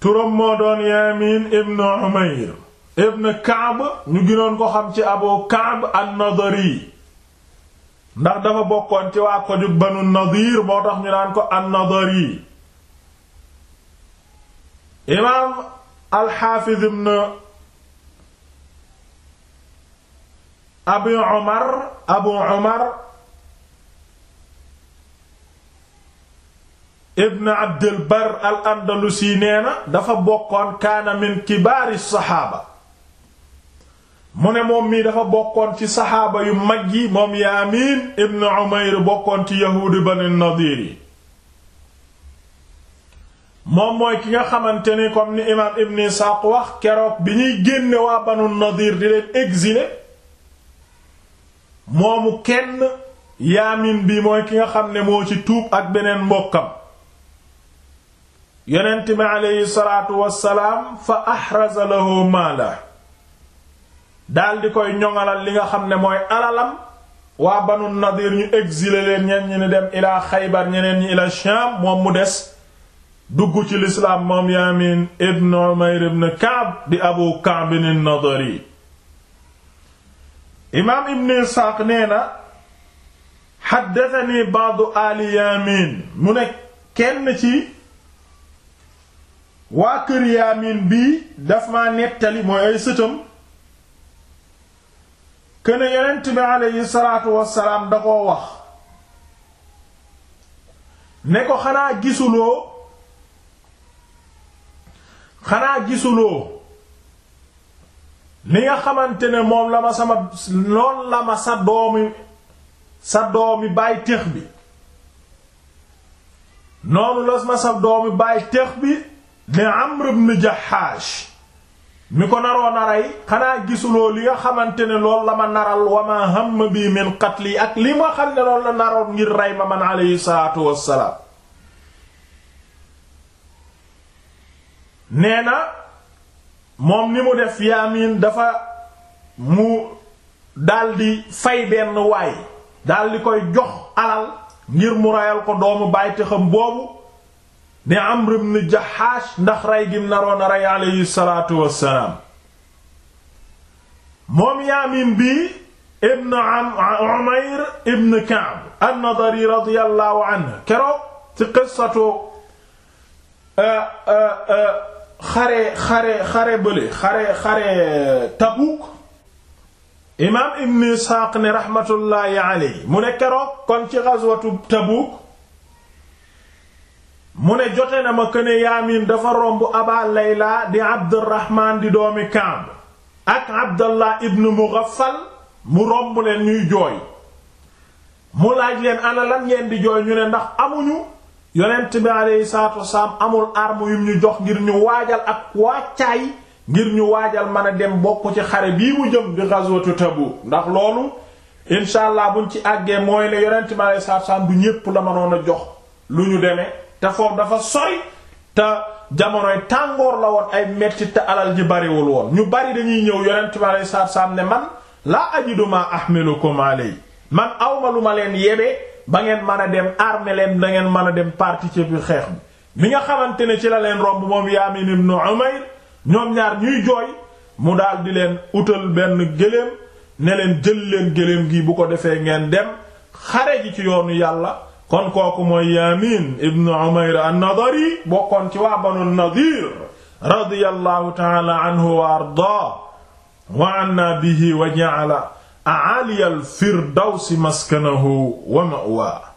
turam moo doon Yamin ibn Umayr ibn Kaab ñu ginoon ko xam ci Abu Kaab an-Nadari ndax dafa bokkoon ci waa ko jug Banu Nadir moo tax ñu naan ko an-Nadari imaam al-Hafiz ibn Umar Abu Umar ibn abdul bar al andalusi nee na dafa bokkoon kaana min kibaari saxaaba mu ne moom mii dafa bokkoon ci saxaaba yu mag yi moom yaamiin ibn umayr bokkoon ci yahuudi bani nadiir yi wax keroog bi ñuy génne waa banu nadiir di leen exiler moomu kenn yaamin bi mooy ki nga xam ne moo ci tuub ak beneen mbokkam yonent bi aleyhi salaatu wassalaam fa axraza lahu maala daal koy ñoŋalal li nga xam ne mooy alalam waa banu nadir ñu exilé leen ñeen ñi ni dem ilaa xaybar ñeneen ñi ilaa sham moom mu des dugg ci lislaam moom yaamin ibn umayr ibn kaab di abu kaab bin nadari imaam ibn isxaaq nee na xaddatani baadu ali yaamin mu ne kenn ci waa kër yaamin bii daf ma nettali mooy ay sëtam kën yonent bi aleyhi salaatu wassalaam da wax ne ko xanaa gisuloo xanaa gisuloo li nga xamante ne moom la ma sama lool la ma sa doomi sa doomi baay téex bi noonu la ma sa doomi baay téex bi ne Amr ibn Jahhaash mi ko naroon a rey xanaa gisuloo li nga xamante ne loolu la ma naral wa ma hamma bi min qatli ak li ma xam ne loolu la naroon ngir rey ma man alayhi salaatu wassalaam nee na moom ni mu def yaamin dafa mu daldi fay benn waay daldi koy jox alal ngir mu reyal ko doomu bàyyi xam boobu ni Amr ibn Jaxaash ndax rey gim naroon a rey aleyhi salaatu wassalaam moom Yamin bi ibn Umayr ibn Ka'b an-Nadari radiyallahu anhu keroog ci qissatu euh, euh, euh, xare xare xare bële xare xare Tabuk imaam Ibn Isxaaq ne raxmatullaahi aleyhi mu ne keroog kon ci gazwatu Tabuk mu ne jote na ma këne yaamin dafa romb aba layla di abdurrahman di doomi kamb ak abdallah ibn mughaffal mu romb leen ñuy jooy mu laaj leen ana ngeen di jooy ñu ne ndax amuñu yonent bi aleyhi salaatu amul arme yu ñu jox ngir ñu waajal ak wàccaay ngir ñu waajal mën a dem bokk ci xare bii mu jëm di ghazwatu Tabuk ndax loolu incha allah buñ ci àggee mooy ne yonent bi aleyhi salaatu wasalaam du ñépp la mënoon a jox lu ñu demee te foofu dafa sori te jamonoy tàngoor la woon ay mettit te alal ji bariwul woon ñu bari dañuy ñëw yonent bi alei saatu salaam ne man laa ajiduma ahmilukum alay man awma man ma leen yebee ba ngeen mën a dem armée leen da ngeen mën a dem parti ci bi xeex bi mi nga xamante ne ci la leen romb moom Yaamin ibn Umayr ñoom ñaar ñuy jooy mu daal di leen utal benn gëléem ne leen jël leen gëléem gi bu ko defee ngeen dem xare ji ci yoonu yàlla kon kooku mooy Yamin ibn Umayr an-Nadari bokkoon ci waa Banu Nadir radiyallahu ta'ala anhu wa ardaa wa anna bihi wa ja'ala a'ali al-firdaws maskanahu wa ma'waa